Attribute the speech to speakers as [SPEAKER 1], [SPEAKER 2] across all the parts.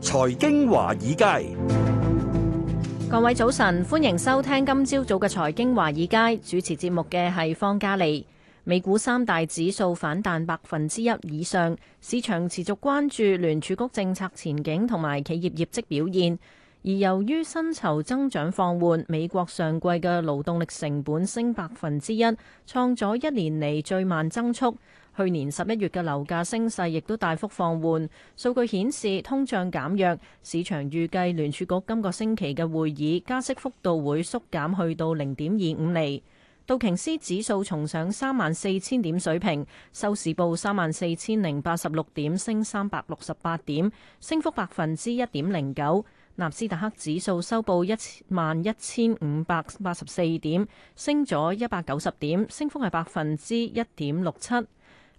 [SPEAKER 1] 財經華爾街，
[SPEAKER 2] 各位早晨，歡迎收聽今朝早嘅財經華爾街。主持節目嘅係方嘉利。美股三大指數反彈百分之一以上，市場持續關注聯儲局政策前景同埋企業業績表現。而由於薪酬增長放緩，美國上季嘅勞動力成本升百分之一，創咗一年嚟最慢增速。去年十一月嘅樓價升勢亦都大幅放緩。數據顯示通脹減弱，市場預計聯儲局今個星期嘅會議加息幅度會縮減，去到零點二五厘。道瓊斯指數重上三萬四千點水平，收市報三萬四千零八十六點，升三百六十八點，升幅百分之一點零九。納斯達克指數收報一萬一千五百八十四點，升咗一百九十點，升幅係百分之一點六七。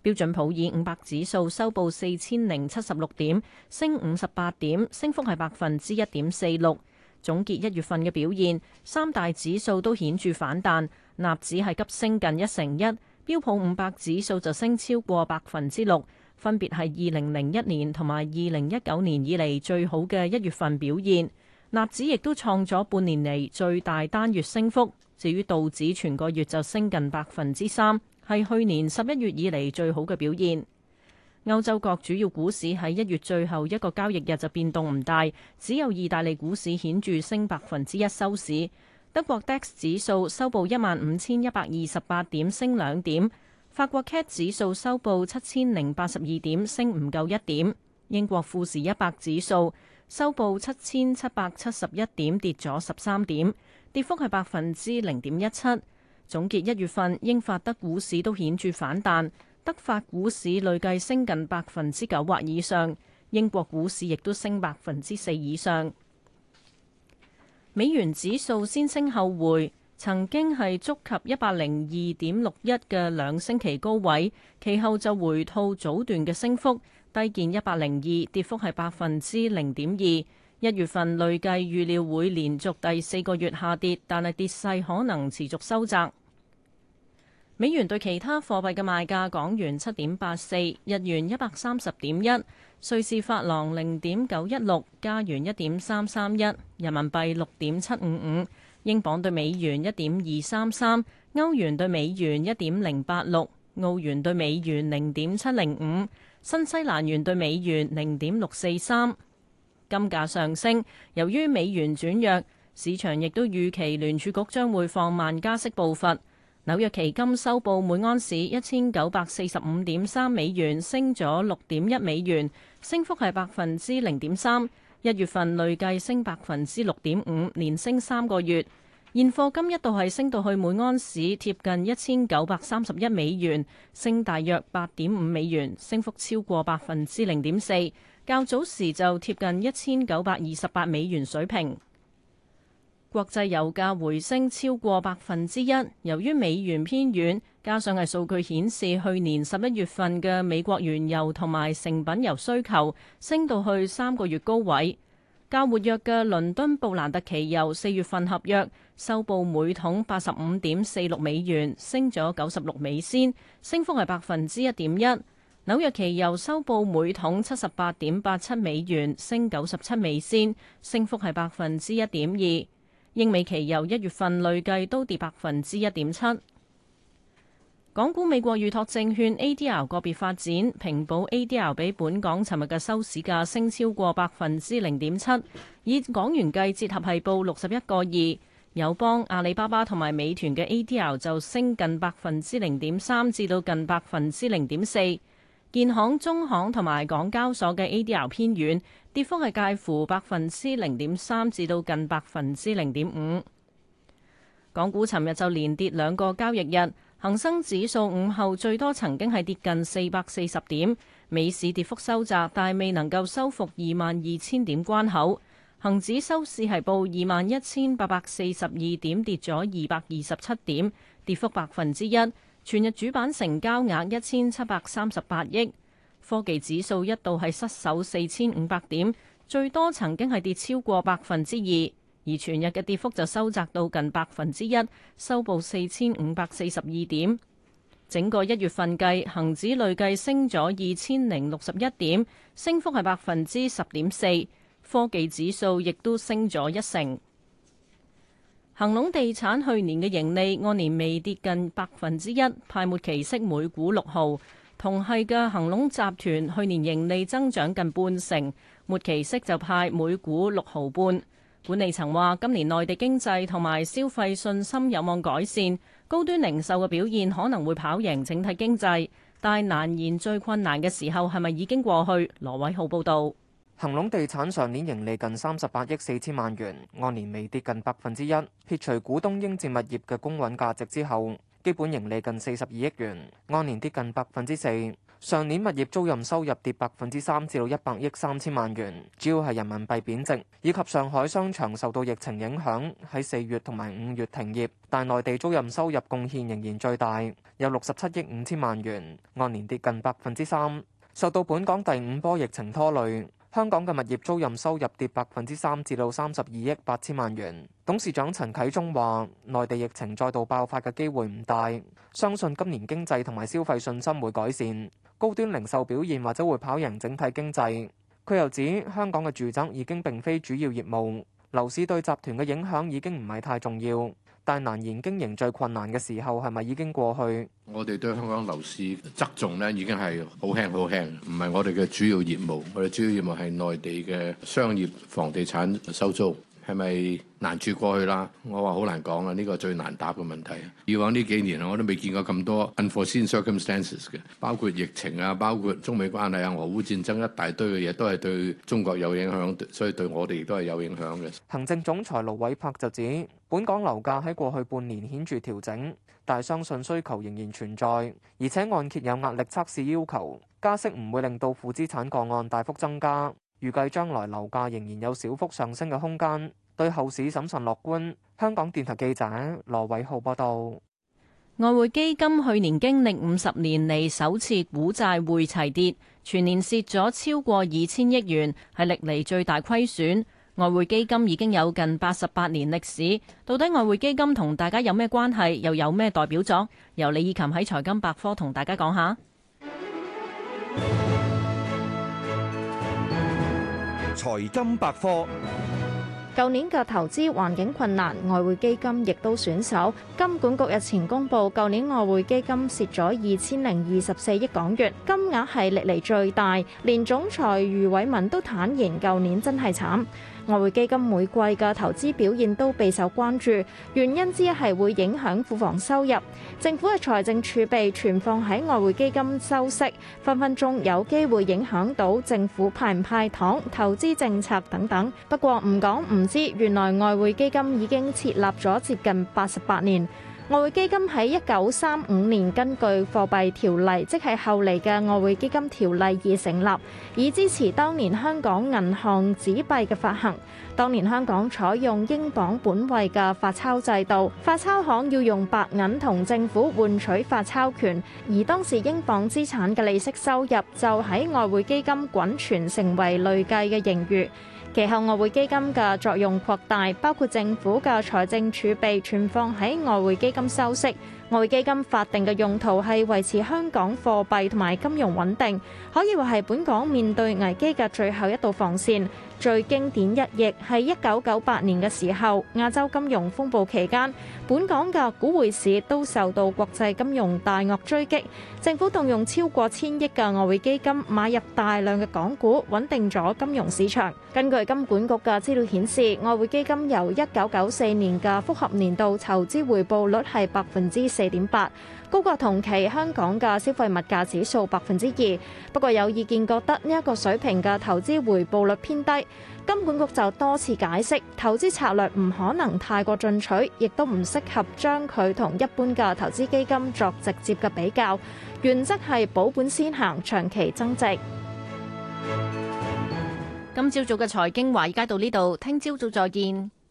[SPEAKER 2] 標準普爾五百指數收報四千零七十六點，升五十八點，升幅係百分之一點四六。總結一月份嘅表現，三大指數都顯著反彈，納指係急升近一成一，標普五百指數就升超過百分之六，分別係二零零一年同埋二零一九年以嚟最好嘅一月份表現。納指亦都創咗半年嚟最大單月升幅，至於道指，全個月就升近百分之三。係去年十一月以嚟最好嘅表現。歐洲各主要股市喺一月最後一個交易日就變動唔大，只有意大利股市顯著升百分之一收市。德國 DAX 指數收報一萬五千一百二十八點，升兩點。法國 CAC 指數收報七千零八十二點，升唔夠一點。英國富時一百指數收報七千七百七十一點，跌咗十三點，跌幅係百分之零點一七。總結一月份，英法德股市都顯著反彈，德法股市累計升近百分之九或以上，英國股市亦都升百分之四以上。美元指數先升後回，曾經係觸及一百零二點六一嘅兩星期高位，其後就回吐早段嘅升幅，低見一百零二，跌幅係百分之零點二。一月份累計預料會連續第四個月下跌，但係跌勢可能持續收窄。美元對其他貨幣嘅賣價：港元七點八四，日元一百三十點一，瑞士法郎零點九一六，加元一點三三一，人民幣六點七五五，英鎊對美元一點二三三，歐元對美元一點零八六，澳元對美元零點七零五，新西蘭元對美元零點六四三。金價上升，由於美元轉弱，市場亦都預期聯儲局將會放慢加息步伐。紐約期金收報每安士一千九百四十五點三美元，升咗六點一美元，升幅係百分之零點三。一月份累計升百分之六點五，連升三個月。現貨金一度係升到去每安士貼近一千九百三十一美元，升大約八點五美元，升幅超過百分之零點四。較早時就貼近一千九百二十八美元水平。國際油價回升超過百分之一，由於美元偏軟，加上係數據顯示去年十一月份嘅美國原油同埋成品油需求升到去三個月高位。較活躍嘅倫敦布蘭特期油四月份合約收報每桶八十五點四六美元，升咗九十六美仙，升幅係百分之一點一。紐約期油收報每桶七十八點八七美元，升九十七美仙，升幅係百分之一點二。英美期油一月份累計都跌百分之一點七。港股美國預託證券 A D R 個別發展，平保 A D R 比本港尋日嘅收市價升超過百分之零點七，以港元計，折合係報六十一個二。友邦、阿里巴巴同埋美團嘅 A D R 就升近百分之零點三至到近百分之零點四。建行、中行同埋港交所嘅 ADR 偏軟，跌幅係介乎百分之零點三至到近百分之零點五。港股尋日就連跌兩個交易日，恒生指數午後最多曾經係跌近四百四十點，美市跌幅收窄，但係未能夠收復二萬二千點關口。恒指收市係報二萬一千八百四十二點，跌咗二百二十七點，跌幅百分之一。全日主板成交額一千七百三十八億，科技指數一度係失守四千五百點，最多曾經係跌超過百分之二，而全日嘅跌幅就收窄到近百分之一，收報四千五百四十二點。整個一月份計，恒指累計升咗二千零六十一點，升幅係百分之十點四，科技指數亦都升咗一成。恒隆地產去年嘅盈利按年未跌近百分之一，派末期息每股六毫。同係嘅恒隆集團去年盈利增長近半成，末期息就派每股六毫半。管理層話今年內地經濟同埋消費信心有望改善，高端零售嘅表現可能會跑贏整體經濟，但係難言最困
[SPEAKER 1] 難嘅時候係咪已經過去？羅偉浩報道。恒隆地產上年盈利近三十八億四千萬元，按年微跌近百分之一。撇除股東應佔物業嘅公允價值之後，基本盈利近四十二億元，按年跌近百分之四。上年物業租賃收入跌百分之三，至到一百億三千萬元，主要係人民幣貶值以及上海商場受到疫情影響喺四月同埋五月停業，但內地租賃收入貢獻仍然最大，有六十七億五千萬元，按年跌近百分之三，受到本港第五波疫情拖累。香港嘅物業租賃收入跌百分之三，至到三十二億八千萬元。董事長陳啟宗話內地疫情再度爆發嘅機會唔大，相信今年經濟同埋消費信心會改善，高端零售表現或者會跑贏整體經濟，佢又指，香港嘅住宅已經並非主要業務，樓市對集團嘅影響已經唔係太重要。但難言經營最困難嘅時候係咪已經過去？我哋對香港樓市側重咧已經係好輕好輕，唔係我哋嘅主要業務。我哋主要業務係內地嘅商業房地產收租。係咪難處過去啦？我話好難講啊！呢個最難答嘅問題。以往呢幾年我都未見過咁多 unforeseen circumstances 嘅，包括疫情啊，包括中美關係啊、俄烏戰爭，一大堆嘅嘢都係對中國有影響，所以對我哋亦都係有影響嘅。行政總裁盧偉柏就指，本港樓價喺過去半年顯著調整，但係相信需求仍然存在，而且按揭有壓力測試要求，加息唔會令到負資產個案大幅增加。預計將來樓價仍然有小幅上升嘅空間。對後市審慎樂觀。香港電台記者羅偉浩報道：
[SPEAKER 2] 外匯基金去年經歷五十年嚟首次股債匯齊跌，全年蝕咗超過二千億元，係歷嚟最大虧損。外匯基金已經有近八十八年歷史，到底外匯基金同大家有咩關係？又有咩代表作？由李以琴喺財金百科同大家講下。
[SPEAKER 3] 財金百科。同大家舊年嘅投資環境困難，外匯基金亦都損手。金管局日前公布，舊年外匯基金蝕咗二千零二十四億港元，金額係歷嚟最大。連總裁余偉文都坦言，舊年真係慘。外匯基金每季嘅投資表現都備受關注，原因之一係會影響庫房收入。政府嘅財政儲備存放喺外匯基金，收息分分鐘有機會影響到政府派唔派糖、投資政策等等。不過唔講唔知，原來外匯基金已經設立咗接近八十八年。外匯基金喺一九三五年根據貨幣條例，即係後嚟嘅外匯基金條例而成立，以支持當年香港銀行紙幣嘅發行。當年香港採用英鎊本位嘅發鈔制度，發鈔行要用白銀同政府換取發鈔權，而當時英鎊資產嘅利息收入就喺外匯基金滾存，成為累計嘅盈餘。其後，外匯基金嘅作用擴大，包括政府嘅財政儲備存放喺外匯基金收息。外匯基金法定嘅用途係維持香港貨幣同埋金融穩定，可以話係本港面對危機嘅最後一道防線。最經典一役係一九九八年嘅時候，亞洲金融風暴期間，本港嘅股匯市都受到國際金融大鱷追擊，政府動用超過千億嘅外匯基金買入大量嘅港股，穩定咗金融市場。根據金管局嘅資料顯示，外匯基金由一九九四年嘅複合年度投資回報率係百分之四。四點八，高過同期香港嘅消費物價指數百分之二。不過有意見覺得呢一個水平嘅投資回報率偏低。金管局就多次解釋，投資策略唔可能太過進取，亦都唔適合將佢同一般嘅投資基金作直接嘅比較。原則係保本先行，長期增值。今朝早嘅財經華爾街到呢度，
[SPEAKER 2] 聽朝早再見。